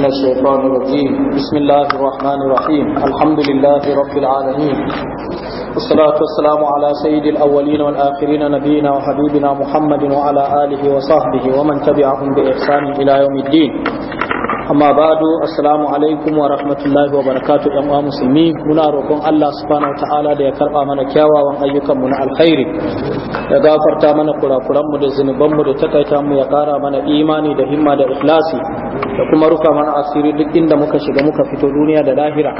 من الشيطان الرجيم بسم الله الرحمن الرحيم الحمد لله رب العالمين والصلاة والسلام على سيد الأولين والآخرين نبينا وحبيبنا محمد وعلى آله وصحبه ومن تبعهم بإحسان إلى يوم الدين amma ba'du assalamu alaikum wa rahmatullahi wa barakatu yan uwa musulmi muna roƙon Allah subhanahu ta'ala da ya karɓa mana kyawawan ayyukan mu na alkhairi ya gafarta mana kurakuran mu da zunuban mu da takaita mu ya ƙara mana imani da himma da ikhlasi da kuma rufa mana asiri duk inda muka shiga muka fito duniya da lahira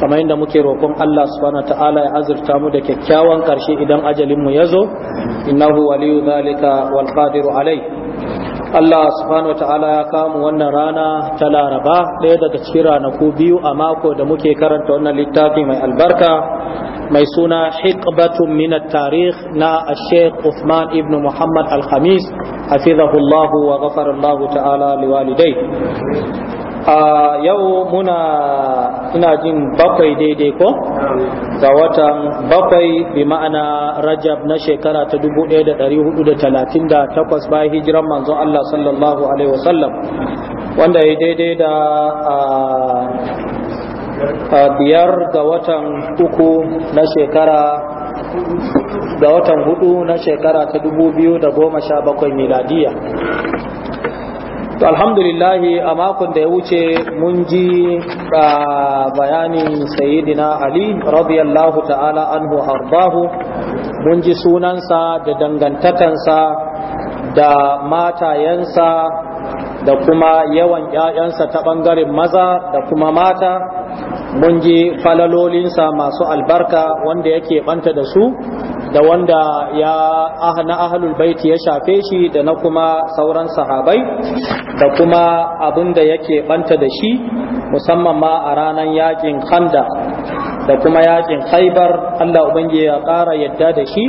kamar inda muke roƙon Allah subhanahu ta'ala ya azurta mu da kyakkyawan ƙarshe idan ajalin mu ya zo innahu waliyu zalika wal qadiru alai Allah subhanahu wa ta'ala ya kamu wannan rana ta laraba ɗaya daga cikin ranaku biyu a mako da muke karanta wannan littafi mai albarka mai suna hikbatun min tarikh na Sheikh Uthman ibn Muhammad Al-Khamis hafizahullahu wa ghafara Allah ta'ala liwalidai a yau muna ina jin bakwai daidai ko ga watan bakwai bi ma'ana rajab na shekara ta 1438 bayan hijiran manzon Allah sallallahu alaihi wasallam wanda ya daidai da biyar ga watan uku na shekara ga watan hudu na shekara ta 2017 miladiya to alhamdulillahi a makon da ya wuce mun ji bayanin sayyidina ali radiyallahu ta'ala anhu ardahu mun ji sunansa da dangantakansa da matayensa da kuma yawan ‘ya'yansa ta ɓangaren maza da kuma mata mun ji falalolinsa masu albarka wanda yake ɓanta da su da wanda ya ah, na ahlul baiti ya shafe shi da na kuma sauran sahabai da kuma abin da yake banta da shi musamman ma a ranar yakin khanda da kuma yakin khaibar Allah ubangi ya ƙara yadda da shi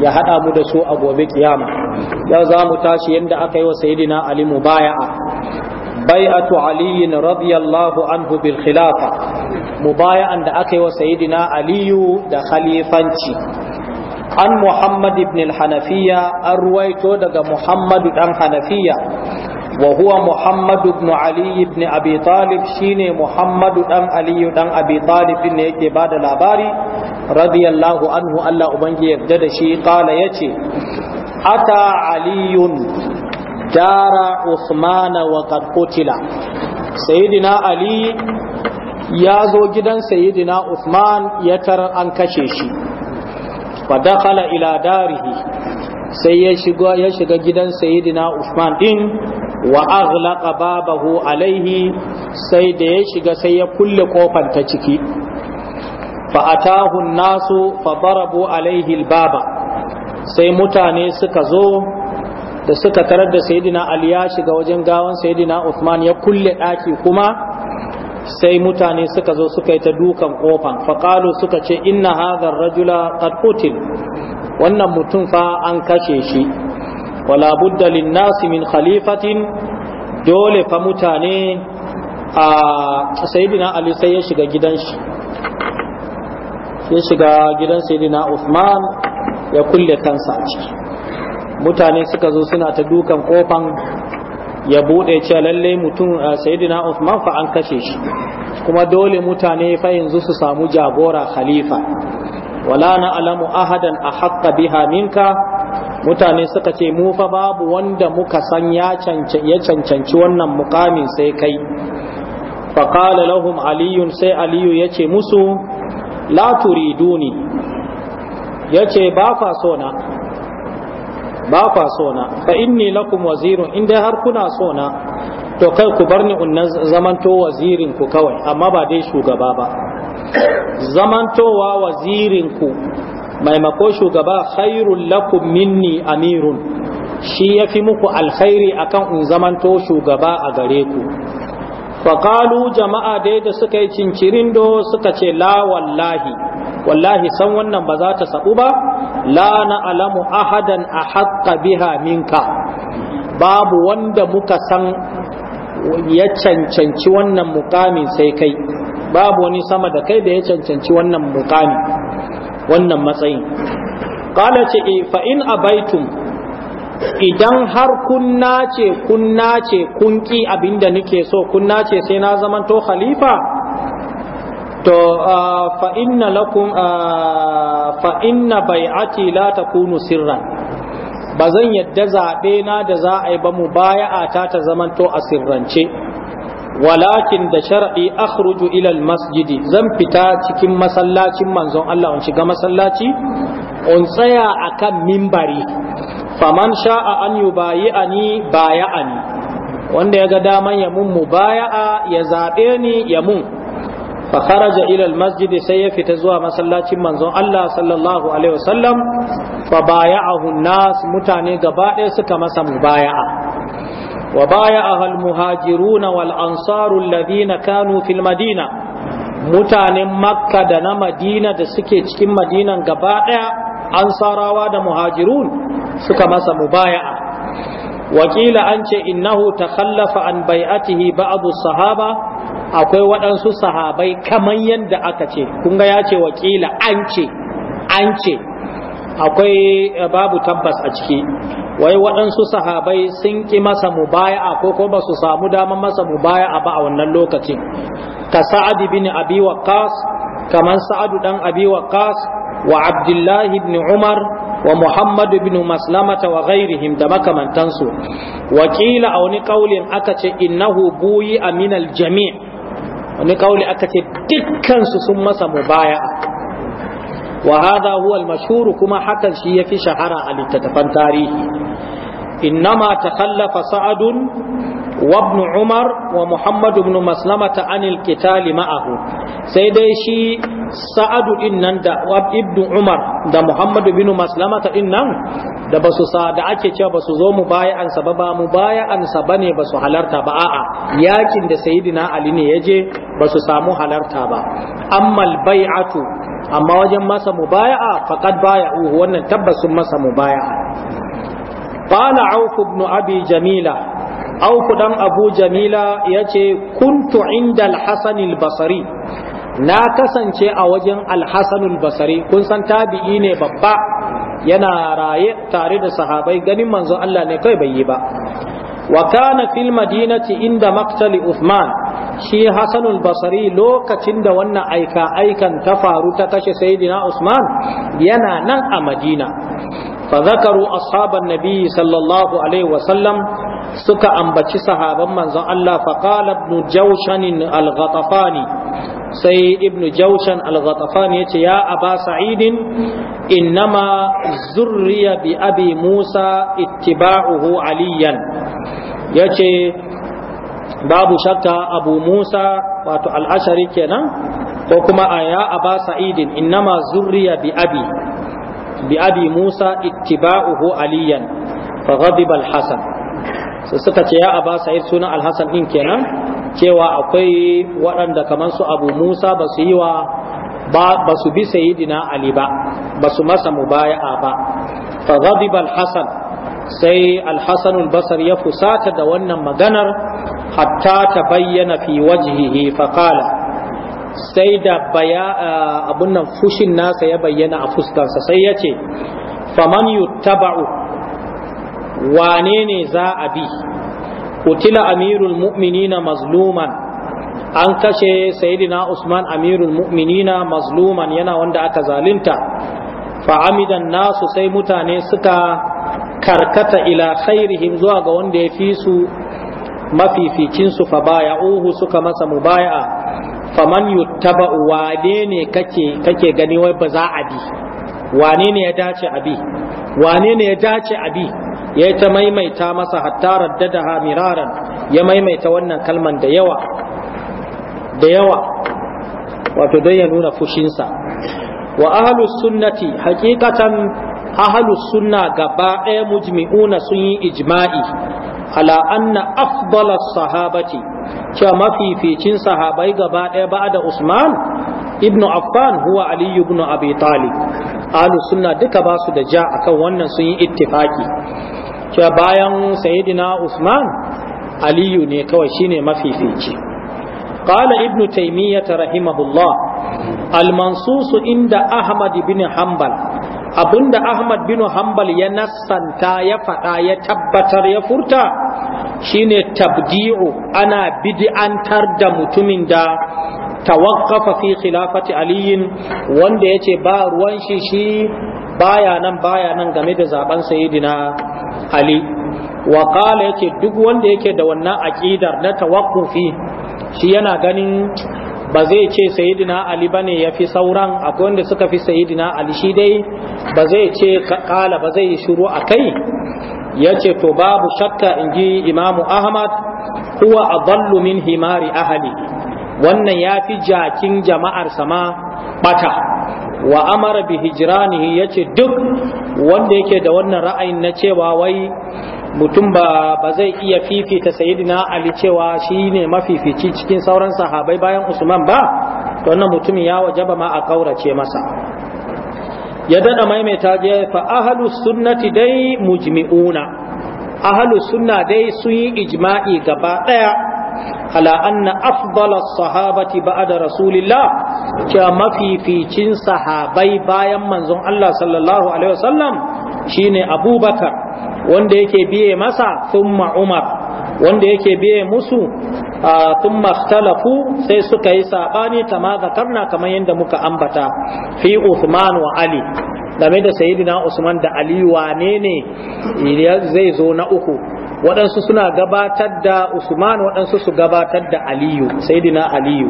ya haɗa mu da su a gobe kiyama yau za mu tashi yadda aka yi wa sayidina ali baya'a. bai'atu aliyin radiyallahu anhu bil khilafa mubaya'an da aka yi wa sayidina aliyu da khalifanci an muhammad ibn al-hanafiya an ruwaito daga muhammadu dan hanafiya wa huwa muhammad ibn ali ibn abi talib shine muhammadu dan ali dan abi talib ne yake bada labari radiyallahu anhu Allah ubangi yarda da shi kala yace ata aliyun dara usmana wa qad qutila sayyidina ali ya zo gidan sayyidina usman ya tarar an kashe shi fadakhala ila darihi sai ya shiga ya shiga gidan sayyidina Usman din wa aghlaqa babahu alaihi sai da ya shiga sai ya kulle kofar ta ciki fa atahu nasu fa darabu alaihi albaba sai mutane suka zo da suka tarar da sayyidina Ali ya shiga wajen gawan sayyidina Usman ya kulle daki kuma sai mutane suka zo suka yi ta dukan kofan faƙalu suka ce inna hadhar rajula qad qutil wannan mutum fa an kashe shi wala budda nasi min khalifatin dole fa mutane a sayyidina ali sai ya shiga gidan shi ya shiga gidan sayyidina usman ya kulle kansa a ciki mutane suka zo suna ta dukan kofan ya buɗe cewa lalle mutum sayyidina Uthman fa an kashe shi kuma dole mutane fa yanzu su samu jagora khalifa wala na alamu ahadan a haqqa biha minka mutane suka ce mu fa babu wanda muka san ya cancanci wannan mukamin sai kai fa qala lahum aliyun sai aliyu yace musu la turiduni yace ba fa so na ba kwa sona fa inni lakum wazirun in dai har kuna sona to kai ku bar ni unna zamanto wazirin ku kawai amma ba dai shugaba ba zamantowa wazirin ku maimako shugaba khairul lakum minni amirun shi yafi muku alkhairi akan in zamanto shugaba a gare ku faƙalu jama'a dai da suka yi cincirindo suka ce la wallahi wallahi san wannan ba za ta saɓu ba la na'lamu ahadan ahaqqa biha minka babu wanda muka san ya cancanci wannan mukamin sai kai babu wani sama da kai da ya cancanci wannan mukami wannan matsayin Kala ce eh, fa in abaitum idan har kun nace kun nace kun ki abinda nake so kun nace sai na zamanto khalifa to fa inna lakum fa inna bai'ati la takunu sirran ba zan yadda zaɓe na da za a yi ba mu baya ta ta zamanto a sirrance walakin da shar'i akhruju ila masjidi zan fita cikin masallacin manzon Allah on shiga masallaci On tsaya akan mimbari faman sha'a an yubayi'ani baya'ani wanda ya ga daman ya mun mubaya'a ya zaɓe ni ya mun fa kharaja ila almasjid sai ya fita zuwa masallacin manzon Allah sallallahu alaihi wasallam fa baya'ahu nas mutane gaba ɗaya suka masa mubaya'a wa baya'aha almuhajiruna wal ansaru alladhina kanu fil madina mutanen makka da na madina da suke cikin madinan gaba ɗaya ansarawa da muhajirun suka masa mubaya'a wakila an ce innahu takhallafa an bai'atihi ba'd as-sahaba akwai waɗansu sahabai kamar yadda aka ce kunga ya ce wakila an ce an ce akwai eh, babu tabbas a ciki wai waɗansu sahabai sun ƙi masa a ko ko ba su samu damar masa a ba a wannan lokacin ka sa'ad bin abi kas kamar Sa'adu dan abi kas wa abdullahi bin umar wa Muhammadu bin maslamata wa ghairihim da makamantansu wakila a wani ƙaulin aka ce innahu buyi aminal jami' wani kauli aka ce dukkansu sun masa mubaya wa hadha huwa al kuma hakan shi yafi shahara a littattafan tarihi innama takhallafa sa'adun وابن Umar wa بن مسلمة عن القتال معه سيدي شي سعد إنن دا ابن عمر دا محمد بن مسلمة إنن da ba su da ake cewa basu zo mu baya an ba mu baya an saba ne ba halarta ba a'a yakin da sayyidina ali ne ya je basu samu halarta ba ammal bai'atu amma wajen masa mubaya'a faqad baya'u wannan tabbas sun masa mubaya'a qala auf ibn abi jamila auku dan abu jamila ya ce kuntu inda alhassanil basri na kasance a wajen alhassanul basri kun san tabi'i ne babba yana raye tare da sahabai ganin manzon Allah ne kai bai yi ba wa kana fil madinati inda maktali Uthman shi Hassanul Basri lokacin da wannan aika aikan ta faru ta kashe Sayyidina Usman yana nan a Madina fa zakaru ashaban nabi sallallahu alaihi Wasallam. sallam suka ambaci sahaban manzon Allah faqala ibn jawshan al-ghatafani sai ibn jawshan al-ghatafani yace ya aba sa'idin innama zurriya bi abi musa ittiba'uhu aliyan yace babu shakka abu musa wato al-ashari kenan ko kuma aya aba sa'idin innama zurriya bi abi bi abi musa ittiba'uhu aliyan فغضب الحسن suka ce ya aba sa'id sunan alhassan din kenan cewa akwai waɗanda kamar su abu musa ba su yi wa ba su bi sayidina ali ba ba su masa mubaya'a ba fa ghadiba alhassan sai alhassan albasar ya fusata da wannan maganar hatta ta bayyana fi wajhihi fa qala sai da baya abun nan fushin nasa ya bayyana a fuskarsa sai ya ce faman yuttaba'u wane ne za a bi kutila amirul mu'minina mazluman an kashe sayyidina usman amirul mu'minina mazluman yana wanda aka zalunta fa'amidan nasu sai mutane suka karkata ila khairihim zuwa ga wanda ya fi su mafificinsu fa baya uhu suka masa mubaya faman yuttaba wane ne kake kake gani wai ba za a bi wane ne ya dace a wane ne ya dace a bi ya ta maimaita masa hatta ha miraran ya maimaita wannan kalman da yawa da yawa wato don ya nuna fushinsa wa ahlus sunnati haqiqatan ahlus sunna gaba ɗaya mujmi'una sun yi ijma'i ala anna afdala sahabati cewa mafificin sahabai gaba ɗaya ba da usman ibnu affan huwa ali ibn abi talib ahlus sunna duka ba su da ja akan wannan sun yi ittifaki cewa bayan sayyidina usman aliyu ne kawai shine mafifici qala ibnu taimiyyata rahimahullah al-mansus inda ahmad ibn hanbal abinda ahmad bin hanbal ya nassanta ya faɗa ya tabbatar ya furta shine tabdi'u ana bid'antar da mutumin da tawaqqafa fi khilafati aliyin wanda yace ba ruwan shi shi baya nan baya nan game da zaben sayyidina ali wa Kala yake duk wanda yake da wannan aqidar na tawaqqufi shi yana ganin ba zai ce sayyidina ali bane fi sauran akwai wanda suka fi sayyidina ali shi dai ba zai ce kala ba zai shiru akai yace to babu shakka in ji imamu ahmad huwa adallu min himari ahali, wannan ya fi jakin jama'ar sama bata wa amara bi hijranihi yace duk wanda yake da wannan ra'ayin na cewa wai mutum ba ba zai iya fifita sayyidina ali cewa shine mafifici cikin sauran sahabai bayan usman ba to wannan mutum ya wajaba ma a kaurace masa ya daɗa maimaita je fa ahlu sunnati dai mujmi'una ahlu sunna dai sun yi ijma'i gaba daya ala anna afdala sahabati ba'da rasulillah cewa mafificin sahabai bayan manzon Allah sallallahu alaihi wasallam shine abubakar wanda yake biye masa thumma umar wanda yake biye musu thumma ikhtalafu sai suka yi sabani kama zakarna kamar yadda muka ambata fi Uthman wa Ali game da sayyidina Usman da Ali wane ne zai zo na uku waɗansu suna gabatar da usman waɗansu su gabatar da aliyu saidina aliyu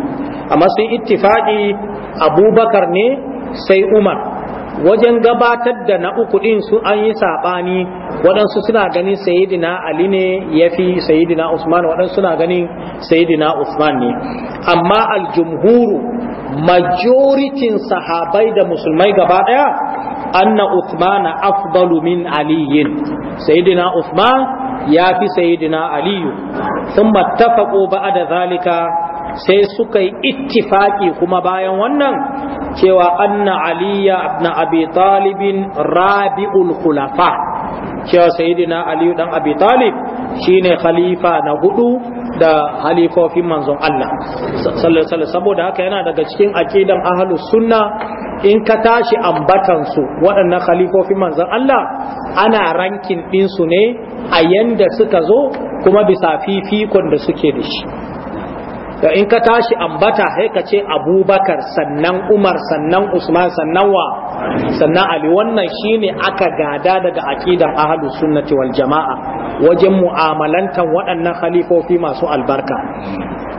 amma sun ittifaqi abubakar ne sai umar wajen gabatar da na uku ɗin su an yi saɓani waɗansu suna ganin sayidina ali ne ya fi sayidina usman waɗansu suna ganin sayidina usman ne amma aljumhuru majoritin sahabai da musulmai gaba ɗaya anna usman afdalu min aliyin sayidina usman ya fi sayidina aliyu sun a da zalika sai suka yi ittifaƙi kuma bayan wannan cewa anna aliya ibn abi talibin rabi'ul khulafa cewa sayyidina aliyu dan abi talib shine khalifa na hudu da halifofin manzon Allah sallallahu alaihi saboda haka yana daga cikin aqidan ahlus sunna in ka tashi ambatan su waɗannan khalifofin manzon Allah ana rankin ɗinsu ne a yanda suka zo kuma bisa fifikon da suke da shi to in ka tashi ambata sai ka ce abubakar sannan umar sannan usman sannan wa sannan ali wannan shine aka gada daga aqidan ahlu sunnati wal jama'a wajen mu'amalantan waɗannan khalifofi masu albarka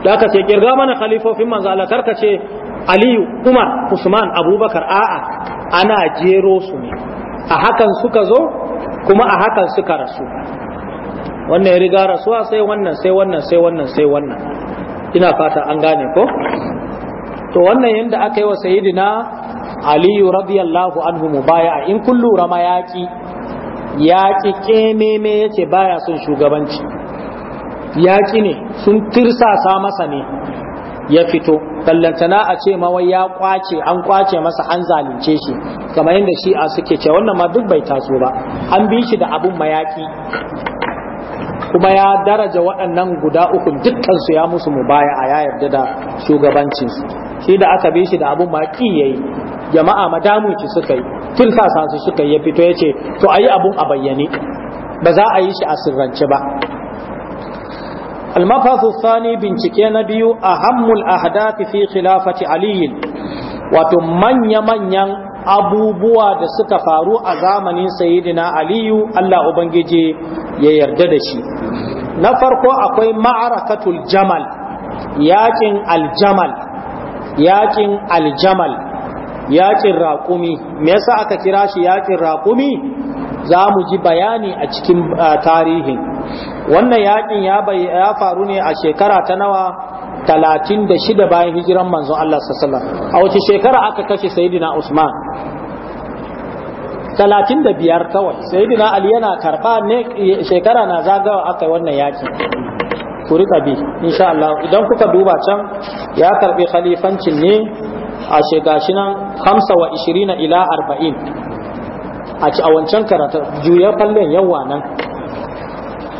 da ka ce kirga mana khalifofin manzo Allah karka ce aliyu umar usman abubakar a'a ana jero su ne a hakan suka zo kuma a hakan suka rasu wannan ya riga rasuwa sai wannan sai wannan sai wannan sai wannan ina fata an gane ko to wannan yadda aka yi wa sayidina aliyu radiyallahu anhu mubaya in kun lura ma yaki yaƙi ƙememe ya baya son shugabanci yaki ne sun tirsasa masa ne ya fito ballantana a ce ma wai ya kwace an kwace masa an zalunce shi kamar yadda shi a suke ce wannan ma duk bai taso ba an bi shi da abun mayaƙi kuma ya daraja waɗannan guda uku dukkansu ya musu mu baya a ya yarda da shugabancinsu shi da aka bi shi da abun maki yayi jama'a madamun suka yi sa su suka yi ya fito ya ce to ayi abun a bayyane ba za a yi shi a sirrance ba المبحث Sani bincike na biyu ahammul ahdafi fi khilafati aliyin wato manya-manyan abubuwa da suka faru a zamanin sayidina aliyu Allah Ubangiji ya yarda da shi na farko akwai ma'arakatul jamal yakin aljamal yakin aljamal yakin raƙumi me yasa aka kira shi yakin raƙumi za mu ji bayani a cikin tarihin wannan yakin ya faru ne a shekara ta nawa talatin da shida bayan hijiran manzon Allah sallallahu a wace shekara aka kashe sayyidina Usman talatin da biyar kawai sayyidina ali yana karba ne shekara na zagawa aka yi wannan yakin ku rika bi insha Allah idan kuka duba can ya karbi khalifancin ne a shegashi nan 25 ila 40 a ci a wancan karatu juya kallon yawa nan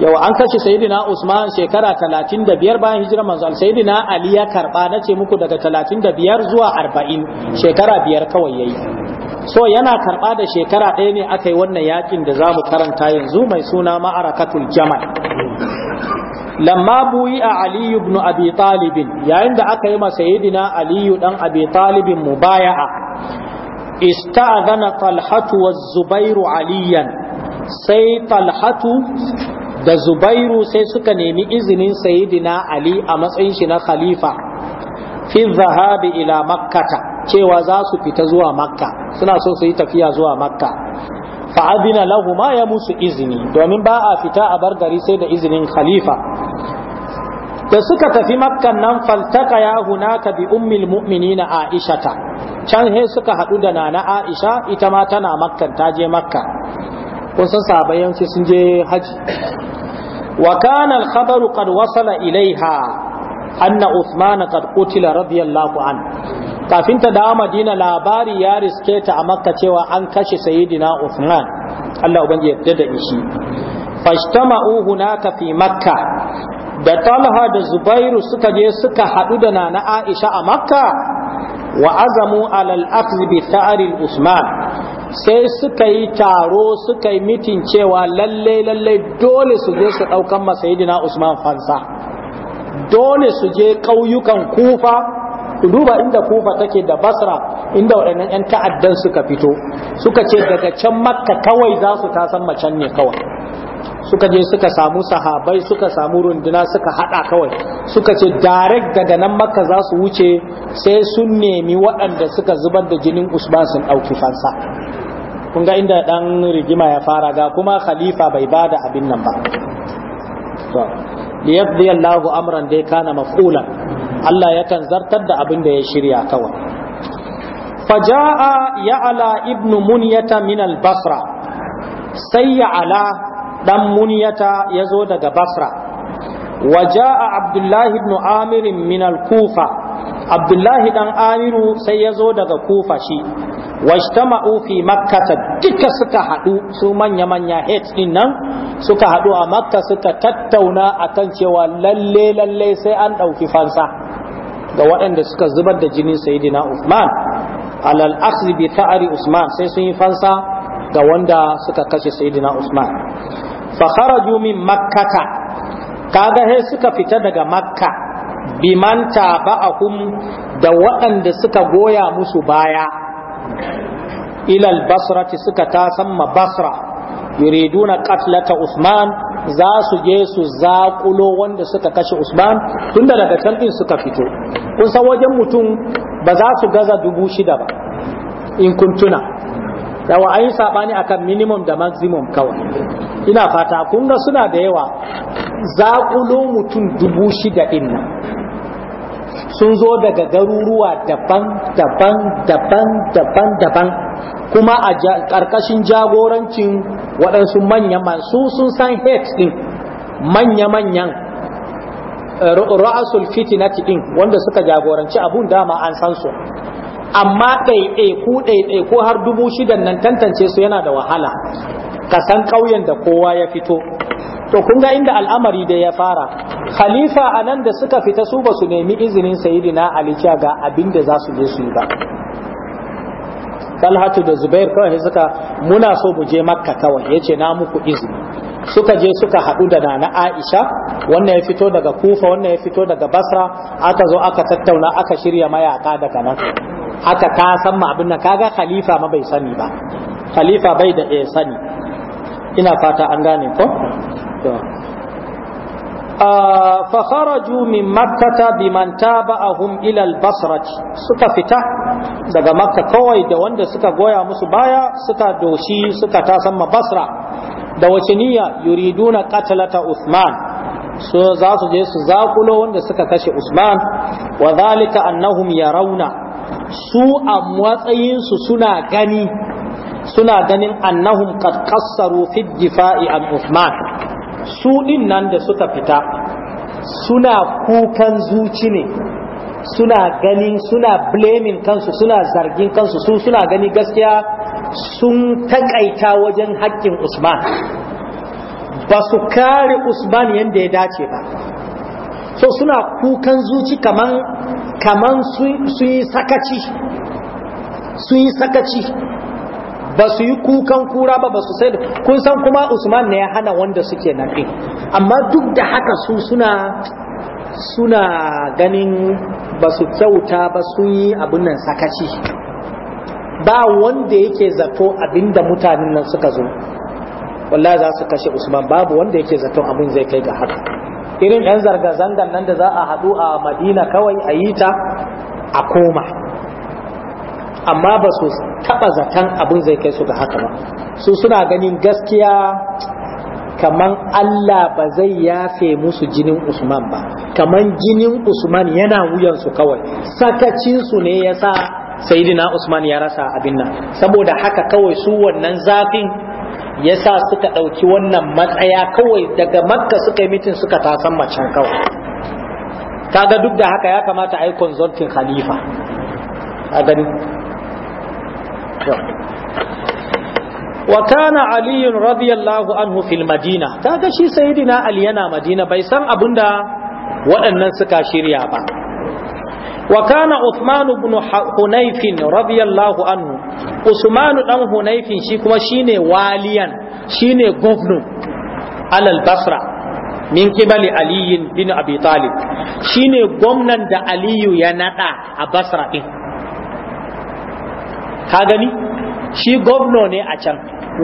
yawa an kashe sayyidina Usman shekara 35 bayan hijirar manzo sayyidina Ali ya karba nace muku daga 35 zuwa 40 shekara biyar kawai yayi so yana karɓa da shekara ɗaya ne aka yi wannan yakin da za mu karanta yanzu mai suna ma'arakatul jamal lamma buyi a aliyu ibn abi talibin yayin da aka yi masa yidina aliyu dan abi talibin a ista'adana talhatu wa zubairu aliyan sai talhatu da zubairu sai suka nemi izinin sayidina ali a matsayin shi na khalifa fi zahabi ila makkata cewa za su fita zuwa makka suna so su yi tafiya zuwa makka fa'adina lahu ma ya musu izini domin ba a fita a bar gari sai da izinin khalifa da suka tafi makkan nan faltaka ya hunaka bi ummil Aisha ta, can he suka haɗu da nana aisha ita ma tana makkan ta je makka kun san sabayan sun je haji wa kana al-khabaru qad wasala ilaiha anna Uthman qad qutila radiyallahu an kafin ta dawo madina labari ya riske ta a makka cewa an kashe sayidina Uthman Allah ubangi yadda da Fashtama uhu hunaka fi makka da Talha da Zubairu suka je suka haɗu da nana Aisha a makka wa azamu alal bi Usman sai suka yi taro suka yi mitin cewa lalle lalle dole su je su ɗaukan masayidina Usman fansa dole su je ƙauyukan Kufa ku duba inda kufa take da basra inda waɗannan 'yan ta'addan suka fito suka ce daga can makka kawai za su tasan macen ne kawai suka je suka samu sahabai suka samu runduna suka haɗa kawai suka ce direct daga nan makka za su wuce sai sun nemi waɗanda suka zubar da jinin usman sun ɗauki fansa kun ga inda dan rigima ya fara ga kuma khalifa bai bada abin nan ba to liyaqdi Allahu amran dai kana maf'ula Allah yakan zartar da abin da ya shirya kawai faja'a ya'ala ibnu munyata min al-basra sai ya'ala dan munyata yazo daga basra a abdullahi ibn amir min al-kufa abdullahi dan amiru sai yazo daga kufa shi wajtama'u fi makkata duka suka hadu su manya manya heads din nan suka hadu a makka suka tattauna akan cewa lalle lalle sai an dauki fansa ga waɗanda suka zubar da jinin sayyidina Usman alal akhzi bi ta'ari Usman sai sun yi fansa ga wanda suka kashe sayyidina Usman fa kharaju min makkata kaga he suka fita daga makka biman taba'ahum da waɗanda suka goya musu baya ilal basrati suka tasamma basra yuriduna qatlata usman za su je su zaƙulo wanda suka kashe usman tunda daga can din suka fito kun san wajen mutum ba za su gaza dubu shida ba in kun tuna yawa an yi sabani akan minimum da maximum kawai ina fata kun ga suna da yawa Zaƙulo mutum dubu shida din sun zo daga garuruwa daban daban daban daban daban kuma a ƙarƙashin jagorancin waɗansu manya su sun san hate ɗin manya-manyan eh, ra'asul fitinati ɗin wanda suka jagoranci abun dama an san su amma ɗaiɗe ko har dubu shidan nan tantance su yana da wahala ka san ƙauyen da kowa ya fito to kun ga inda al'amari da ya fara khalifa nan da suka fita su ba su nemi izinin sayidina ali ga abin da za su je su yi ba talhatu da zubair kawai suka muna so mu je makka kawai yace na muku izini suka je suka haɗu da nana aisha wannan ya fito daga kufa wannan ya fito daga basra aka zo aka tattauna aka shirya mayaka daga nan aka ka san ma abin nan kaga khalifa ma bai sani ba khalifa bai da ya eh, sani ina fata an gane ko to fa kharaju min makkata biman taba'ahum ila al-basrati suka fita daga makka kawai da wanda suka goya musu baya suka doshi suka ma basra da wace niyya yuriduna qatlata uthman so za su je su zaƙulo wanda suka kashe Usman wa zalika annahum yarawna su a matsayin su suna gani suna ganin annahum qad qassaru fi difa'i an Usman su ɗin nan da suka fita suna kukan zuci ne suna ganin suna blaming kansu suna zargin kansu su suna gani gaskiya sun takaita wajen haƙƙin usman ba su kare usman yadda ya dace ba so suna kukan zuci kaman kaman su yi sakaci su yi sakaci ba su yi kukan kura ba ba su sai kun san kuma usman ne ya hana wanda suke nan din amma duk da haka su suna suna ganin ba su kyauta ba sun yi abin nan sakaci ba wanda yake zato abinda mutanen nan suka zo wallahi za su kashe usman babu wanda yake zato abin zai kai ga haka irin yan zarga zangan nan da za a haɗu a madina kawai a yi ta a koma amma ba su taba zaton abin zai kai su ga haka ba su suna ganin gaskiya kaman Allah ba zai yafe musu jinin Usman ba kaman jinin Usman yana wuyansu kawai sakacinsu ne yasa sa Usman ya rasa abin nan saboda haka kawai su wannan zafin yasa suka ɗauki wannan matsaya kawai daga makka suka yi mitin suka tasan macen kawai kaga duk da haka ya kamata a yi consulting khalifa a gani wa kana aliyun radiyallahu anhu fil madina kaga shi sayyidina ali yana madina bai san abinda waɗannan suka shirya ba wa kana uthman ibn hunayf radiyallahu anhu usman dan hunayf shi kuma shine waliyan shine governor alal basra min kibali aliyin bin abi talib shine gwamnan da aliyu ya nada a basra din ka gani shi gwamna ne a can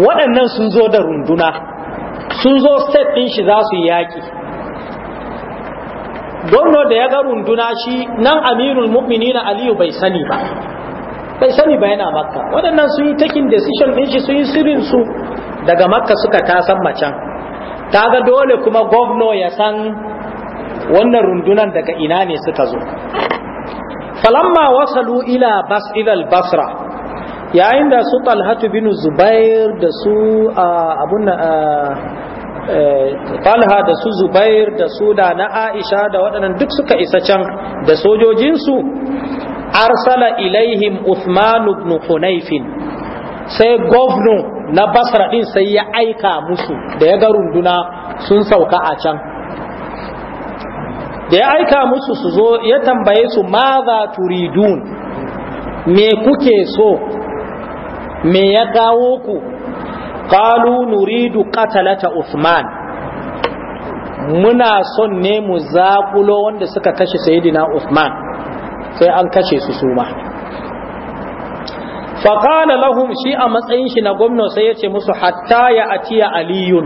waɗannan sun zo da runduna sun zo state ɗin shi za su yi yaƙi gwamna da ya ga runduna shi nan amirul na aliyu bai sani ba bai sani ba yana makka waɗannan sun yi takin decision ɗin shi sun yi sirinsu daga makka suka tasan macen ta ga dole kuma gwamna ya san wannan rundunan daga ina ne suka zo falamma wasalu ila bas basra yayin da su talhatu bin zubair da su abun e, talha da su zubair da su da na aisha da waɗannan duk suka isa can da sojojinsu arsala ilaihim uthman ibn hunayfin sai gwamnu na basra din sai ya aika musu da ya ga runduna sun sauka a can da ya aika musu su zo ya tambaye su ma za turidun me kuke so me ya kawo ku qalu nuridu qatalata usman muna son ne mu zakulo wanda suka kashe sayyidina usman sai an kashe su suma faƙala lahum shi a matsayin shi na gwamna sai ya ce musu hatta ya atiya aliyun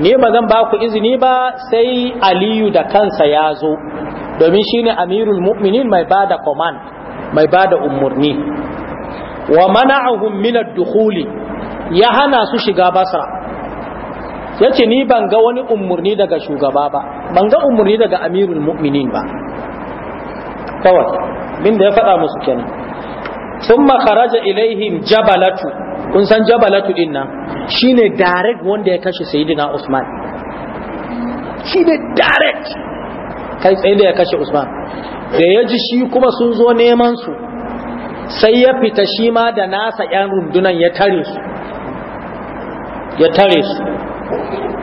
ni ba zan ba ku izini ba sai aliyu da kansa ya zo domin shine amirul mu'minin mai bada command mai bada umarni wa mana'ahum min ad dukhul ya hana su shiga basra yace ni ban ga wani umurni daga shugaba ba ban ga umurni daga amirul mu'minin ba kawai Min da ya faɗa musu kenan thumma kharaja ilaihim jabalatu kun san jabalatu din nan shine direct wanda ya kashe sayyidina usman shine direct kai tsaye da ya kashe usman da ya ji shi kuma sun zo neman su sai ya fita shi ma da nasa ‘yan rundunan ya tare su, ya tare su,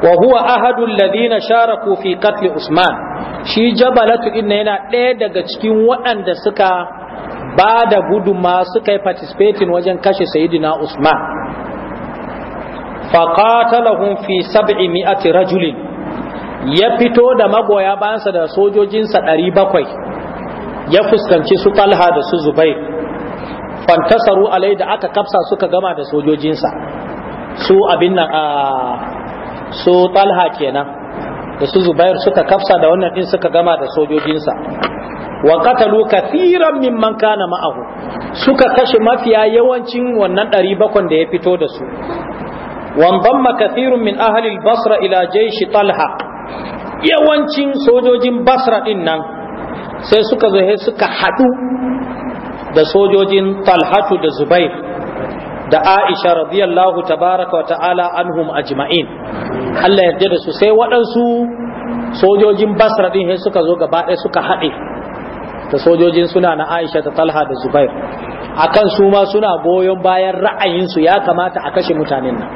wa huwa ahadun ladina sharaku fi katli Usman, shi jabalatu inna yana ɗaya daga cikin waɗanda suka ba da guduma suka yi participating wajen kashe Sayyidina Usman. Faƙatalahun fi sab'i mi'ati rajulin, ya fito da magoya bayansa da sojojinsa ɗari bakwai, ya fuskanci su talha da su zubai. fantasaru alai da aka kafsa suka gama da sojojinsa su abin nan a su talha kenan da su zubair suka kafsa da wannan din suka gama da sojojinsa wa qatalu kathiran mimman kana ma'ahu suka kashe mafiya yawancin wannan 700 da ya fito da su wandamma kathirun min ahli basra ila jayshi talha yawancin sojojin basra din nan sai suka zo suka hadu da sojojin talhatu da zubair da aisha radiyallahu tabaraka wa ta'ala anhum ajma'in Allah yarda da su sai waɗansu sojojin basra din sai suka zo gaba ɗaya suka haɗe da sojojin suna na aisha da talha da zubair akan su ma suna goyon bayan ra'ayinsu ya kamata a kashe mutanen nan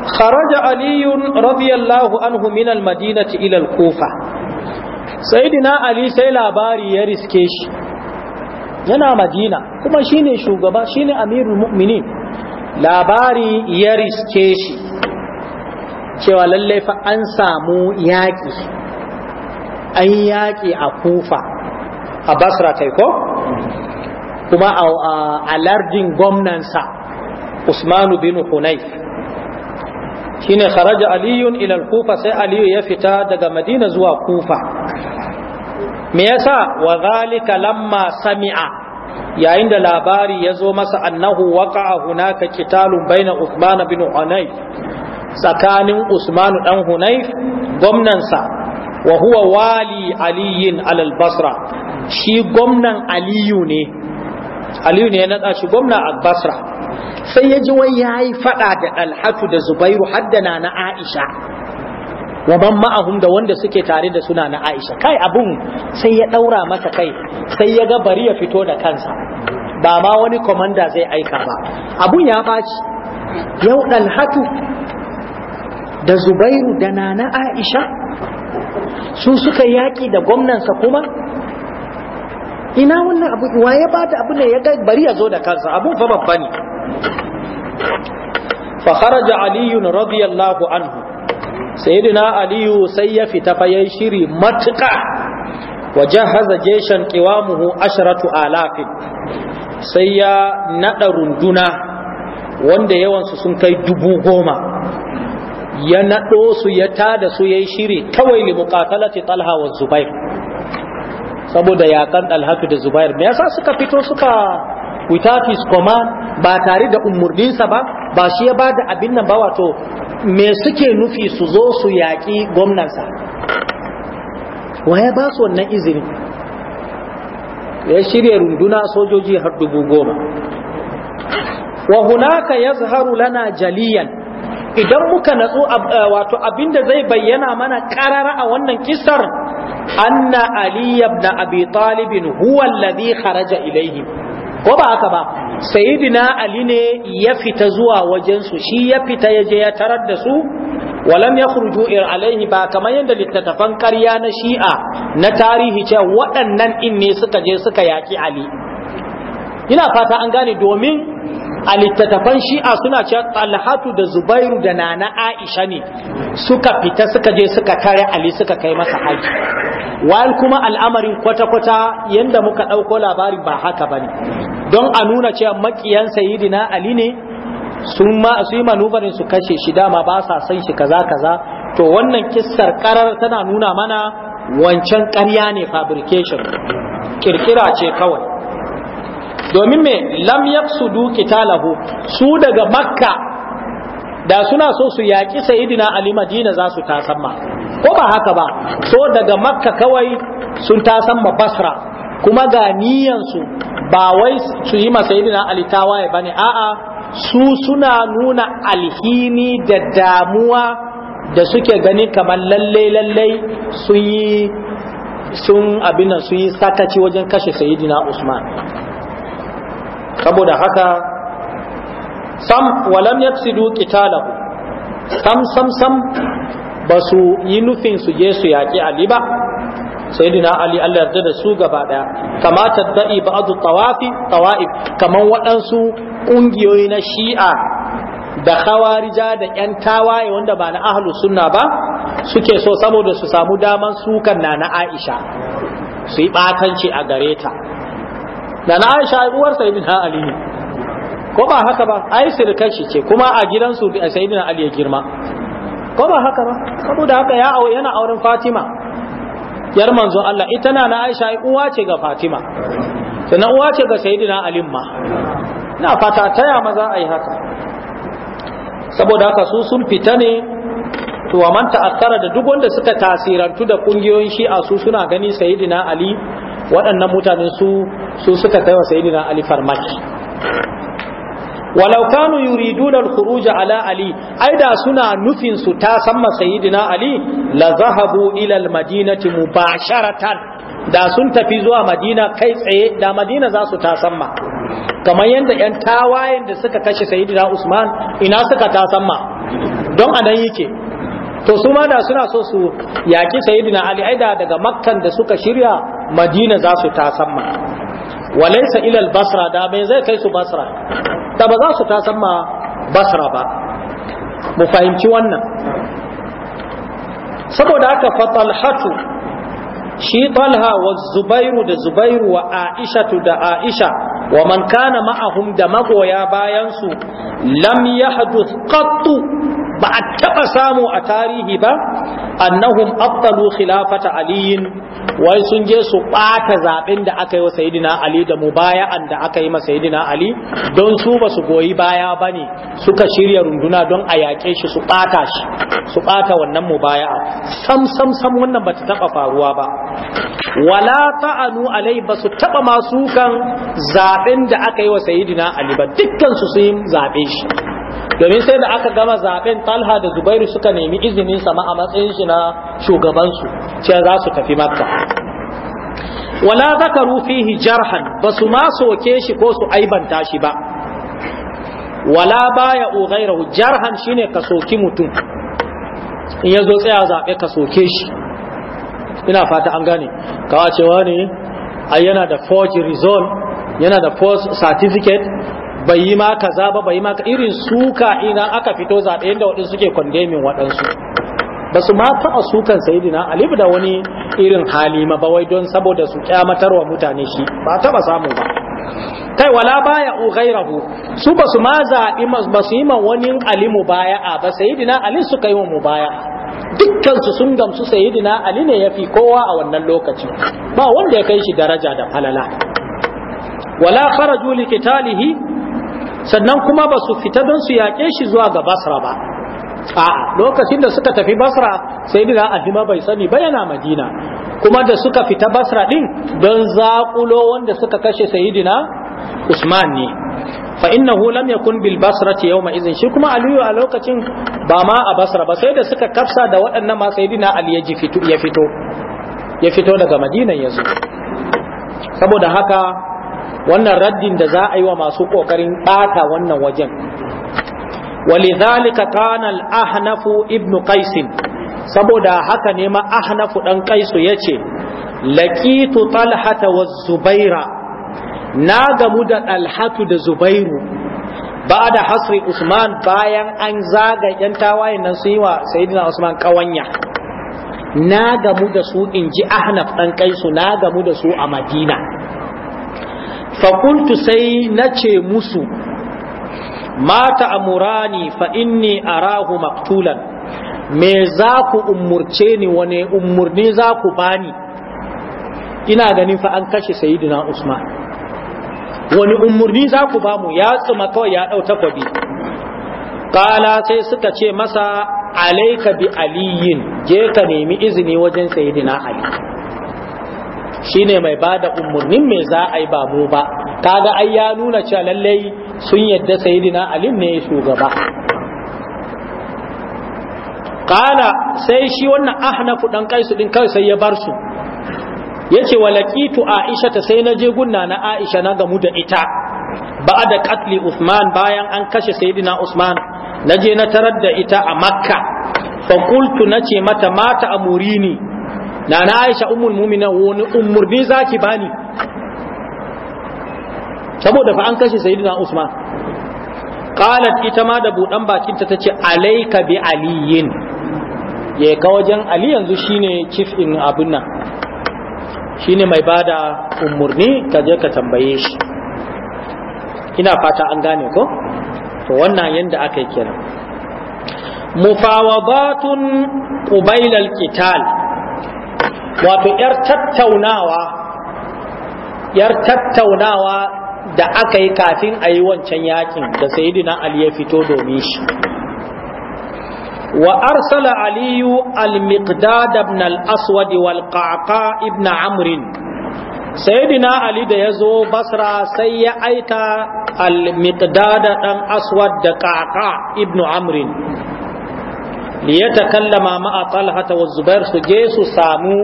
خرج علي رضي الله عنه من المدينة إلى sayidina ali sai labari ya riske shi yana madina kuma shine shugaba shine amirul mu'minin labari ya riske shi cewa lallai fa an samu yaƙi an yaƙi a kufa a basra kai ko kuma a lardin gwamnansa usmanu bin hunayf shine kharaja aliyun ila al-kufa sai aliyu ya fita daga madina zuwa kufa me yasa wa zalika lamma sami'a yayin da labari ya zo masa annahu waqa'a hunaka qitalun baina usman bin hunayf tsakanin usman dan hunayf gwamnansa wa huwa wali aliyin alal basra shi gwamnan aliyu ne aliyu ne ya naɗa shi gwamna a basra sai ya ji wai ya yi faɗa da alhatu da zubairu haddana na aisha wa ban ma'ahum da wanda suke tare da suna na aisha kai abun sai ya ɗaura masa kai sai ya ga bari ya fito da kansa ba ma wani commander zai aika ba abun ya ɓaci yau ɗalhatu da zubairu da nana aisha su suka yaki da sa kuma ina wannan abu wa ya bata abu ne ya ga bari ya zo da kansa abun fa babba ne fa kharaja ali radiyallahu anhu sayyidina ali sai ya fita fa yayi shiri matuka wa jahaza jeshan qiwamuhu asharatu alaf sai ya nada runduna wanda yawan su sun kai dubu goma ya naɗo su ya tada su ya shiri kawai li muqatalati talha wa zubair saboda yakan alhafi da zubair me yasa suka fito suka without his command ba tare da umurninsa ba ba shi ya bada abin nan ba wato me suke nufi su zo su yaƙi gwamnansa wa ya ba su wannan izini ya shirya runduna sojoji har dubu goma wa hunaka yazharu lana jaliyan idan muka natsu eh, wato abinda zai bayyana mana karara a wannan kisar anna ali ibn abi talib huwa alladhi kharaja ilayhi ko ba haka ba sayyidina ali ne ya fita zuwa wajen su shi ya fita ya je ya tarar da su walam yakhruju ir alaihi ba kamar yadda littattafan ƙarya na shi'a na tarihi ce waɗannan in ne suka je suka yaki ali ina fata an gane domin a littattafan shi'a suna cewa Alhatu da zubairu da nana aisha ne suka fita suka je suka kare ali suka kai masa haji wal kuma al'amarin kwata-kwata yadda muka ɗauko labarin ba haka ba ne don a nuna cewa makiyan sayidina ali ne sun ma su yi manufarin su kashe shi dama ba sa san shi kaza kaza to wannan kissar karar tana nuna mana wancan ƙarya ne fabrication kirkira ce kawai domin me lam yaqsudu duki su daga makka da suna so su yaki sayyidina ali madina za su tasamma ko ba haka ba so daga makka kawai sun tasamma basra kuma ga niyan su ba wai su yi ma sayyidina ali tawaye bane a'a su suna nuna alhini da damuwa da suke gani kamar lallai lallai sun yi sun abin sun yi sakaci wajen kashe sayyidina usman saboda haka sam walam yaqsidu qitalahu sam sam sam ba su yi nufin su je su yaƙi Ali ba sayyidina Ali Allah yarda da su gaba daya kamata da'i ba'du tawafi tawaif kaman waɗansu ƙungiyoyi na Shi'a da khawarija da ƴan tawaye wanda ba na ahlus sunna ba suke so saboda su samu daman sukan na na Aisha su yi batanci a gareta. da na aisha uwar sayyidina ali ne ko ba haka ba ai sirkashi ce kuma a gidansu sayyidina ali ya girma ko ba haka ba saboda haka ya aure yana auren fatima yar manzon Allah ita na Aisha uwa ce ga Fatima sannan uwa ce ga Sayyidina Ali ma ina fata taya maza ai haka saboda haka su sun fita ne to man ta'akkara da duk wanda suka tasirantu da kungiyoyin shi'a su suna gani Sayyidina Ali waɗannan mutane su su suka kai wa sayyidina ali farmaki walau kanu yuriduna al-khuruj ala ali aida suna nufin su ta samma sayyidina ali la zahabu ila al-madinati mubasharatan da sun tafi zuwa madina kai tsaye da madina za su ta samma kamar yadda yan tawayen da suka kashe sayyidina usman ina suka ta samma don anan yake to su ma da suna so su yaki sayyidina ali aida daga makkan da suka shirya madina za su tasamma walaisa ilal basra da mai zai kai su basra da ba za su tasamma basra ba mu fahimci wannan saboda haka fatalhatu shi talha wa zubairu da zubairu wa aishatu da aisha wa man kana ma'ahum da magoya bayansu lam yahduth qattu ba a taɓa samu a tarihi ba annahum abtalu khilafata aliyin wai sun je su ɓata zaɓen da aka yi wa sayidina ali da mubaya'an da aka yi ma sayidina ali don su ba su goyi baya ba ne suka shirya runduna don a yaƙe shi su ɓata shi su ɓata wannan mubaya'a sam sam sam wannan ba ta taɓa faruwa ba wala ta'anu alai ba su taɓa masu kan zaɓen da aka yi wa sayidina ali ba dukkan su sun zaɓe shi domin sai da aka gama zaben talha da zubairu suka nemi izinin sama a matsayin shi na shugabansu ce za su tafi makka wala zakaru fihi jarhan basu ma soke shi ko su aibanta shi ba wala baya ugairahu jarhan shine ka soki mutum in yazo tsaya zabe ka soke shi ina fata an gane kawa cewa ne ai yana da forged result yana da forged certificate bai yi ma kaza ba bai yi ma irin suka ina aka fito zaɓe yadda waɗansu suke kwandemin waɗansu ba su ma taɓa sukan sayidina alibu da wani irin hali ma bawai don saboda su kyamatar mutane shi ba taɓa samu ba kai wala baya u ghairahu su ba su ma zaɓi ba su yi ma wani alimu baya a ba sayidina ali suka yi wa mu baya dukkansu sun gamsu sayidina ali ne ya fi kowa a wannan lokaci ba wanda ya kai shi daraja da falala wala kharaju li qitalihi sannan kuma ba su fita don su yaƙe shi zuwa ga basra ba a lokacin da suka tafi basra sai dina adima bai sani ba yana madina kuma da suka fita basra din don zaƙulo wanda suka kashe sayidina usman ne fa innahu lam yakun bil basrati yawma idhin shi kuma aliyu a lokacin ba ma a basra ba sai da suka kafsa da waɗannan ma sayidina ali ya fito ya fito daga madina yanzu saboda haka wannan raddin da za a yi wa masu ƙoƙarin ɓata wannan wajen walidhalika kana al-ahnafu ibnu qaisin saboda haka ne ma ahnafu dan Kaisu yace laqitu talhata wa zubaira na gamu da talhatu da zubairu ba'da hasri usman bayan an zaga yan tawayen nan sun yi wa sayyidina usman kawanya na gamu da su inji ahnaf dan Kaisu na gamu da su a madina fakultu sai na ce musu mata amurani fa inni arahu maktulan me za ku umurce ni wane umurni za ku bani ina ganin fa an kashe sayidina usman wani umurni za ku ba mu ya tsuma kawai ya ɗau takwabi kala sai suka ce masa alaika bi aliyin je ka nemi izini wajen sayidina ali shine mai bada umurnin mai za a yi ba mu ba kaga ai ya nuna cewa lallai sun yadda sayyidina ali ne shugaba kana sai shi wannan ahnafu dan kaisu din kai sai ya bar su yace walaqitu aisha ta sai na je gunna na aisha na gamu da ita da Katli usman bayan an kashe sayyidina usman na je na tarar da ita a makka fa qultu nace mata mata amurini na na aisha ummul mumina wani umurni zaki bani saboda fa an kashe sayyidina usman qalat ita ma da buɗan bakin ta tace alayka bi aliyin ya ka wajen ali yanzu shine chief in abun nan shine mai bada umurni ka je ka tambaye shi ina fata an gane ko to wannan yanda aka yi kenan mufawadatun qubayla al-qital wato ‘yar tattaunawa ‘yar tattaunawa da aka yi kafin a yi wancan yakin da sayidina Ali ya fito domin shi wa arsala aliyu al-miqdad ibn al-aswad wal qaqa ibn amr sayidina Ali da yazo Basra sai ya aika al-miqdad dan aswad da qaqa ibn amr li yatakallama ma'a talha wa zubair su je su samu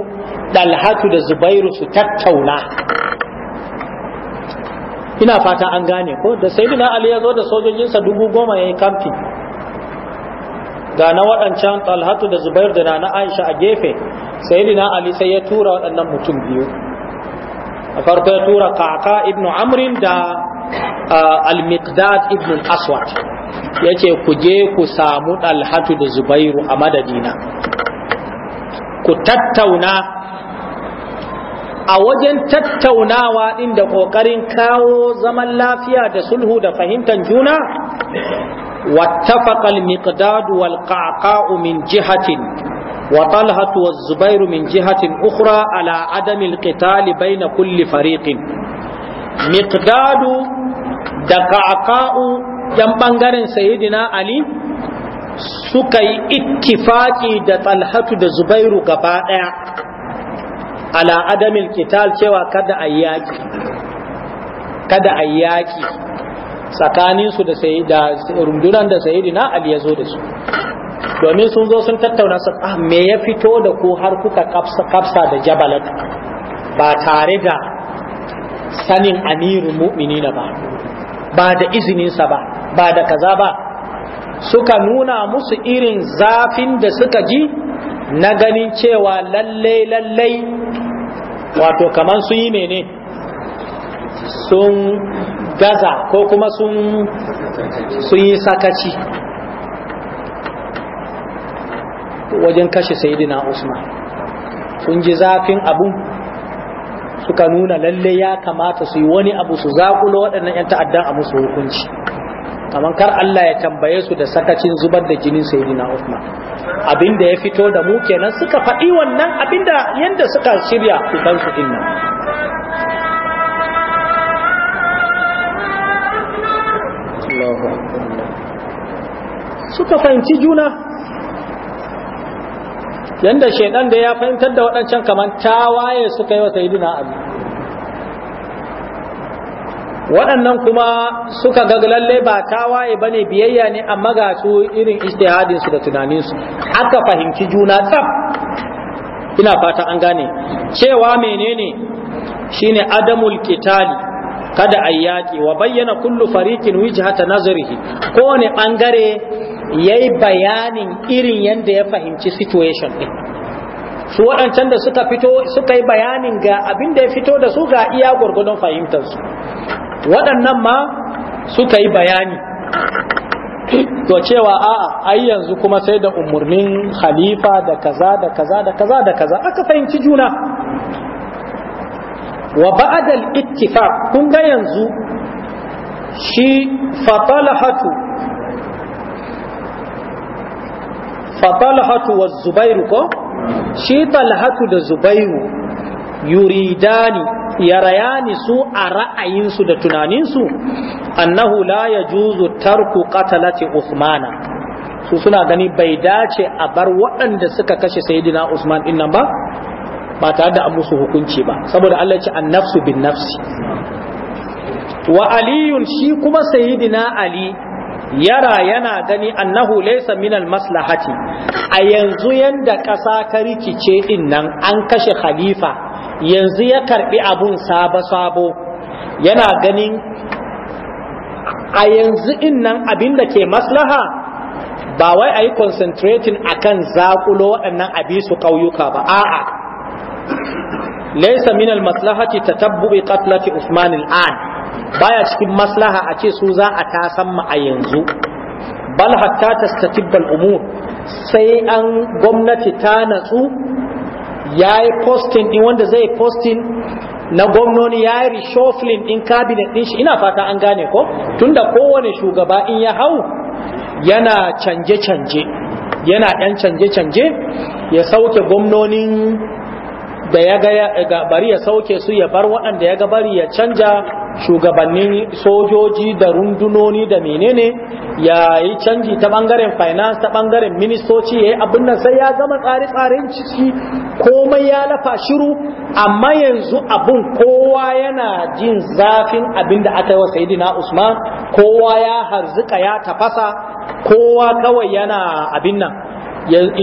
dalhatu da zubairu su tattauna ina fata an gane ko da sayyidina ali ya zo da sojojinsa dubu goma ya yi kamfi ga na waɗancan Dalhatu da Zubairu da na aisha a gefe sayyidina ali sai ya tura waɗannan mutum biyu a farko ya tura kaka ibn amrin da al-miqdad ibn aswad Yace ku je ku samu Dalhatu da zubairu a madadina ku tattauna a wajen tattaunawa ɗin da ƙoƙarin kawo zaman lafiya da sulhu da fahimtar juna wattafaƙal miqdadu wal ƙaƙau min jihatin wa talhatu wa zubairu min jihatin ukhra ala adamil qitali baina kulli fariqin miqdadu da qa'qa'u yan ɓangaren sayyidina ali suka yi ittifaki da talhatu da zubairu gaba ɗaya ala adamil kital cewa kada a yaƙi kada a yaƙi tsakaninsu da rundunar da sayidina ali ya zo da su domin sun zo sun tattauna su ah me ya fito da ku har kuka kafsa da jabalat ba tare da sanin amirul mu'minina ba ba da izininsa ba ba da kaza ba suka nuna musu irin zafin da suka ji na ganin cewa lallai lallai wato kaman sun yi mene sun gaza ko kuma sun yi sakaci wajen kashe sayidina usman sun ji zafin abun suka nuna lalle ya kamata su yi wani abu su zakulo waɗannan 'yan ta'addan a musu hukunci kamar kar Allah ya tambaye su da sakacin zubar da jinin sayyidina Uthman abinda ya fito da mu kenan suka faɗi wannan abinda yanda suka shirya fitan su dinnan suka fahimci juna yanda shaidan da ya fahimtar da waɗancan kamar tawaye suka yi wa sayyidina Ali waɗannan kuma suka ga lalle ba tawaye ba ne biyayya ne amma ga su irin ijtihadinsu da tunaninsu aka fahimci juna tsaf ina fata an gane cewa menene shine adamul Kitali, kada a yaƙi wa bayyana kullu fariqin wijhata nazarihi kowane ɓangare yayi bayanin irin yadda ya fahimci situation ɗin su waɗancan da suka fito suka yi bayanin ga abin da ya fito da su ga iya gwargwadon fahimtarsu waɗannan ma suka yi bayani to cewa a'a ai yanzu kuma sai da umarnin khalifa da kaza da kaza da kaza da kaza aka fahimci juna wa Ba'adal al-ittifaq kun ga yanzu shi fatalahatu fatalahatu wa zubairu ko shi talhatu da zubairu yuridani ya su a ra'ayinsu da tunaninsu annahu la ya juzu tarku qatalati usmana su suna gani bai dace a bar waɗanda suka kashe sayyidina usman din nan ba ba tare da musu hukunci ba saboda Allah ya ce annafsu bin nafsi wa aliyun shi kuma sayyidina ali yara yana gani annahu laysa minal maslahati a yanzu yanda ƙasa ta ce din nan an kashe khalifa yanzu ya karbi abun sabo-sabo yana ganin a yanzu in nan abin da ke maslaha ba wai a yi concentrating a kan zaƙulo waɗannan abisu ƙauyuka ba a'a laisa minal maslahati ta tabbubi katlati usman al'an baya cikin maslaha a ce su za a tasan ma a yanzu bal hatta tastatibba al'umur sai an gwamnati ta natsu ya yi postin din wanda zai postin na gwamnoni ya yi reshuffling din cabinet din shi ina fata an gane ko tunda kowane shugaba in ya hau yana canje-canje yana ɗan canje-canje ya sauke gwamnonin da ya ga bari ya sauke su ya bar waɗanda ya ga bari ya canja shugabannin sojoji da rundunoni da menene ya yi canji ta ɓangaren finance ta ɓangaren ministoci ya yi abin nan sai ya zama tsari tsarin ciki komai ya lafa shiru amma yanzu abin kowa yana jin zafin abin da aka yi wa sayidina usman kowa ya harzuka ya tafasa kowa kawai yana abin nan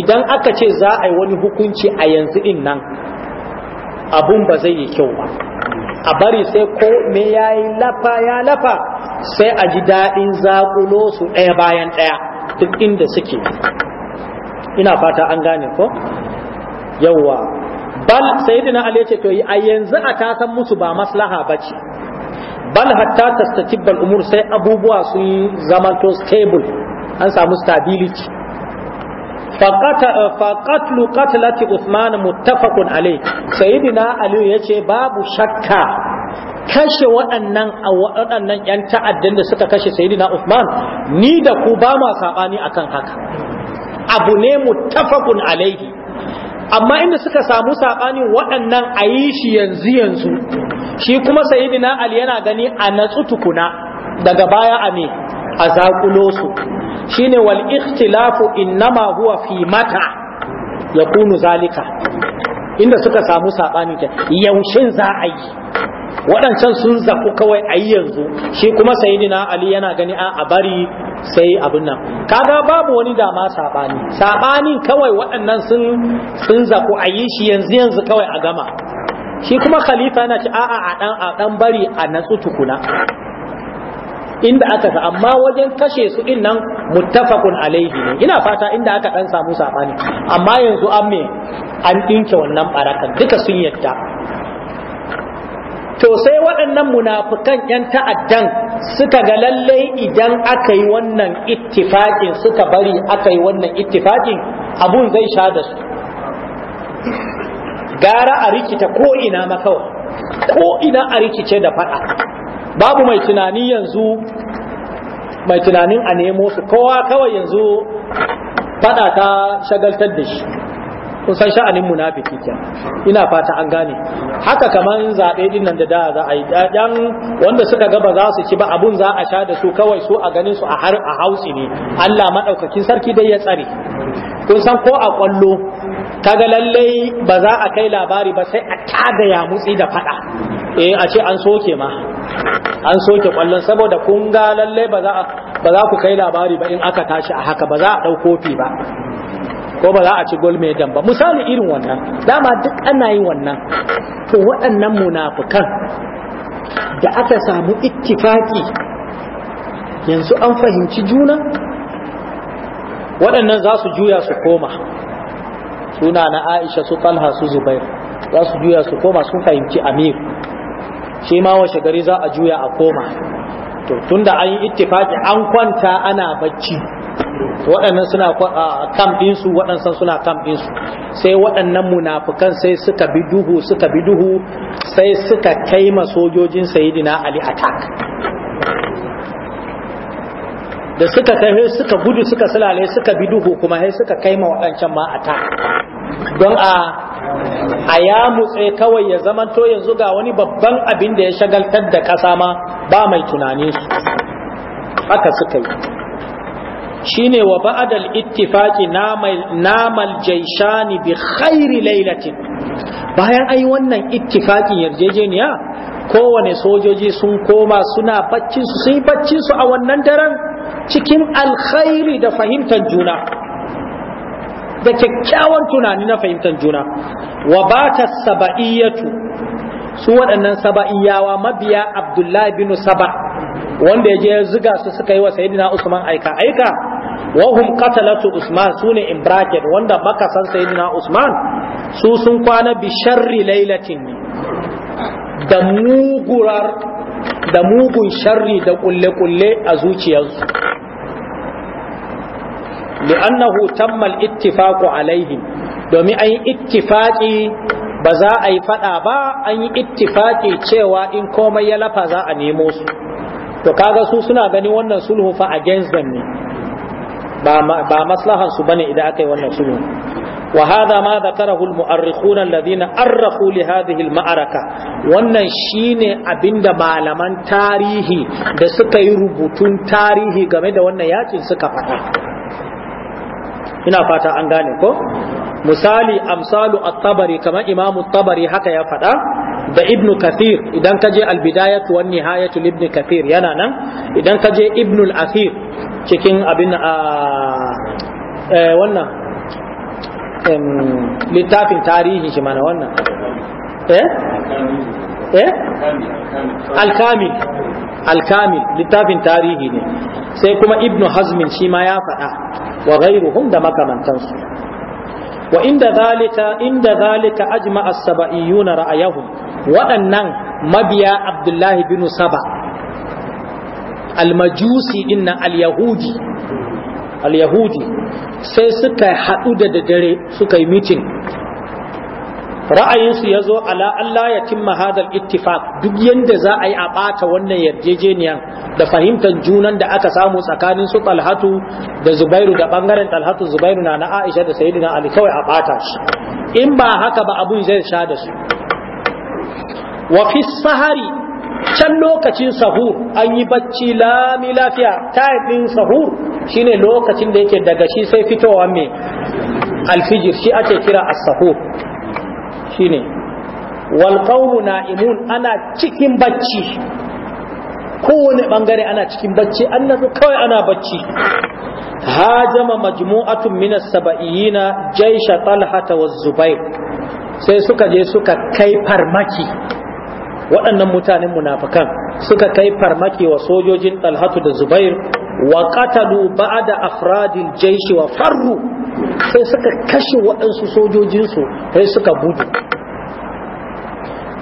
idan aka ce za a yi wani hukunci a yanzu din nan abun ba zai yi kyau ba a bari sai ko me ya yi lafa ya lafa sai a ji daɗin zaƙulo su ɗaya bayan ɗaya duk inda suke ina fata an gane ko yawwa bal sayyidina ali ce to a yanzu a tasan musu ba maslaha ba ce bal hatta tastatibbal umur sai abubuwa sun zamanto stable an samu stability faƙatlu eh, ƙatalati usman muttafaqun alai sayyidina ya ce babu shakka kashe waɗannan waɗannan yan ta'addan da suka kashe sayyidina usman ni da ku ba ma sabani akan haka abu ne muttafaqun alaihi amma inda suka samu sabani waɗannan ayi shi yanzu yanzu shi kuma sayyidina ali yana gani a natsu tukuna daga baya a me. a zaƙulo su ne wal ikhtilafu innama huwa fi mata ya kunu zalika inda suka samu saɓani ta yaushin za a yi waɗancan sun zaku kawai a yi yanzu shi kuma sayidina ali yana gani a bari sai abin nan kaga babu wani dama saɓani Saɓani kawai waɗannan sun zaku a yi shi yanzu yanzu kawai a gama shi kuma khalifa yana ci a'a a ɗan bari a natsu tukuna inda aka sa amma wajen kashe su din nan muttafaqun alaihi ne ina fata inda aka dan samu sabani amma yanzu an me an dinke wannan barakan duka sun yadda to sai waɗannan munafikan yan ta'addan suka ga lallai idan aka yi wannan ittifaqin suka bari aka yi wannan ittifaqin abun zai sha da su gara a rikita ko ina makawa ko ina a rikice da fada babu mai tunani yanzu mai tunanin a nemo su kowa kawai yanzu fada ta shagaltar da shi kun san sha'anin munafiki kyan ina fata an gane haka kamar zaɓe ɗinnan nan da da za a yi ɗan wanda suka ga ba za su ci ba abun za a sha da su kawai su a ganin su a har a hausi ne Allah maɗaukakin sarki dai ya tsare kun san ko a ƙwallo kaga lallai ba za a kai labari ba sai a tada ya mutsi da faɗa eh a ce an soke ma an soke kwallon saboda kun ga lalle ba za ku kai labari ba in aka tashi a haka ba za a ɗau kofi ba ko ba za a ci gol mai ba misali irin wannan dama duk ana yin wannan to waɗannan munafukan da aka samu ittifaki yanzu an fahimci juna waɗannan za su juya su koma suna na aisha su talha su zubair za su juya su koma sun fahimci amir shi ma washe gari za a juya a koma to tunda an yi ittifaki an kwanta ana bacci waɗannan suna kam ɗinsu waɗansan suna kam sai waɗannan munafukan sai suka bi duhu suka bi duhu sai suka kai sojojin sayidina ali attack da suka kai suka gudu suka sulale suka bi duhu kuma sai suka kai ma waɗancan ma attack don a a ya mutse kawai ya zamanto yanzu ga wani babban abin da ya shagaltar da ƙasa ma ba mai tunane su haka suka yi shine wa ba'adal ittifaqi namal jaishani bi khairi lailatin bayan ai wannan ittifaqin yarjejeniya kowane sojoji sun koma suna baccin su sai baccin su a wannan daren cikin alkhairi da fahimtar juna da kyakkyawan tunani na fahimtar juna wa ta saba'iyatu su waɗannan saba'iyawa mabiya abdullahi bin saba wanda ya je ziga su suka yi wa sayyidina usman aika aika wa hum qatalatu usman sune in bracket wanda maka san sayyidina usman su sun kwana bi sharri lailatin da mugurar da mugun sharri da kulle kulle a zuciyarsu li'annahu tammal ittifaqu alaihi domin an yi ittifaqi ba za a yi fada ba an yi ittifaqi cewa in komai ya lafa za a nemo su to kaga su suna gani wannan sulhu fa against them ne ba maslahar su bane idan aka yi wannan sulhu wa hadha ma dhakarahu al-mu'arrikhun alladhina arrafu li hadhihi al-ma'araka wannan shine abinda malaman tarihi da suka yi rubutun tarihi game da wannan yakin suka faɗa ina fata an gane ko misali amsalu at-tabari kamar imamu tabari haka ya faɗa da ibn kathir idan ka je al-bidayatu wan nihayatu ibn kathir yana nan idan ka je ibn al-athir cikin abin a ah, eh, wannan littafin tarihi shi mana wannan eh eh al-kamil al-kamil littafin tarihi ne sai kuma ibn hazmin shi ma ya faɗa wa ghairuhum da makamantansu wa inda zalika inda zalika ajma as-saba'iyuna ra'ayahum waɗannan mabiya Abdullahi bin Saba al-majusi inna al-yahudi sai suka haɗu da dare suka yi mitin ra'ayinsu ya zo ala Allah ya timma hadal ittifaq duk yanda za a yi a ɓata wannan yarjejeniyan da fahimtar junan da aka samu tsakanin su talhatu da zubairu da ɓangaren talhatu zubairu na na aisha da na ali kawai a ɓata shi in ba haka ba abun zai sha da su wa fi sahari can lokacin sahur an yi bacci lami lafiya tayin sahur shine lokacin da yake daga shi sai fitowa mai alfijir shi ake kira as-sahur shine wal qawmu na'imun ana cikin bacci kowane bangare ana cikin bacci an kawai ana bacci hajama majmu'atun min as-sab'ina jaysha talhata wa zubair sai suka je suka kai farmaki waɗannan mutanen munafikan suka kai farmaki wa sojojin talhatu da zubair wa qatalu ba'da afradil jaysh wa farru sai suka kashe waɗansu sojojinsu sai suka gudu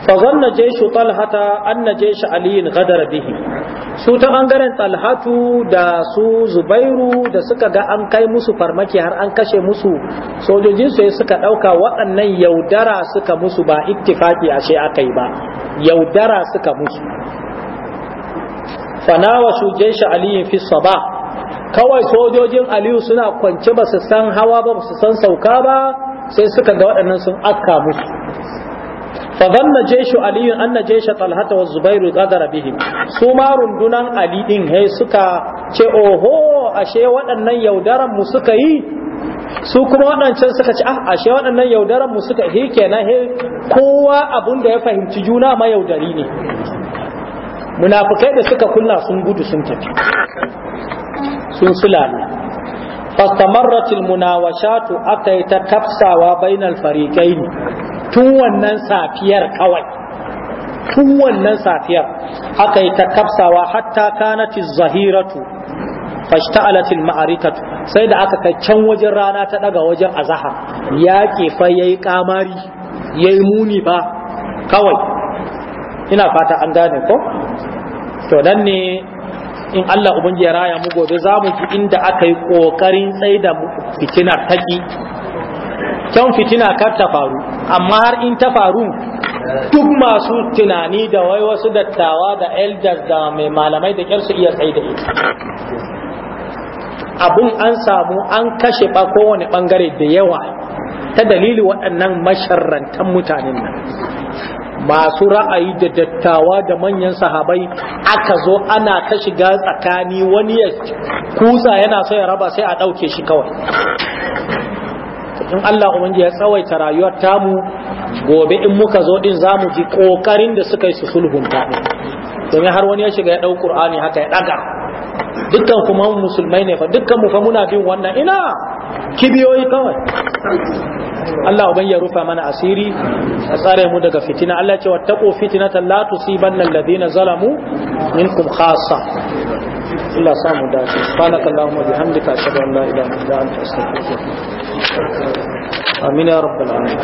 فظن جيش طلحة أن جيش علي غدر به su ta ɓangaren talhatu da su zubairu da suka ga an kai musu farmaki har an kashe musu sojojin su suka ɗauka waɗannan yaudara suka musu ba ittifaki ashe aka yi ba yaudara suka musu su jeshi aliyin fi saba kawai sojojin aliyu suna kwance ba su san hawa ba su san sauka ba sai suka ga waɗannan sun akka musu an na jeshi أن wa Zubairu والزبير bihim su ma rundunan ali din هي suka ce oho ashe waɗannan yaudaran mu suka yi su kuma waɗancan suka ce ah ashe waɗannan yaudaran mu suka yi kenan he kowa abun da ya fahimci juna ma yaudari ne munafikai da suka kunna sun gudu sun tafi sun sulale fastamarratil munawashatu aka yi ta tafsawa bainal fariqain tun wannan safiyar kawai tun wannan safiyar aka yi ta kafsawa hatta kanati zahiratu fashta'alatil ma'arikatu sai da aka kai can wajen rana ta daga wajen azaha yaƙi fa yayi kamari yayi muni ba kawai ina fata an gane ko to dan ne in Allah ubangi ya raya mu gobe za mu ji inda aka yi kokarin tsaida ta taki kyan fitina kar ta faru amma har in ta faru duk masu tunani da wai wasu dattawa da elders da mai malamai da kyar su iya tsaye da ita abun an samu an kashe ba kowane bangare da yawa ta dalili waɗannan masharrantan mutanen nan masu ra'ayi da dattawa da manyan sahabai aka zo ana ta shiga tsakani wani ya kusa yana so ya raba sai a ɗauke shi kawai in Allah ubangiji ya tsawaita rayuwar tamu gobe in muka zo din za mu ji kokarin da suka yi su sulhunta don har wani ya shiga ya dau Qur'ani haka ya ɗaga dukkan kuma musulmai ne fa dukkan mu fa muna bin wannan ina kibiyoyi kawai Allah uban ya rufa mana asiri a tsare mu daga fitina Allah ce wattaqu fitnatan la tusiban alladhina zalamu minkum khassa Allah sa mu dace subhanaka allahumma bihamdika ashhadu an la ilaha illa anta astaghfiruka amin ya rabbal alamin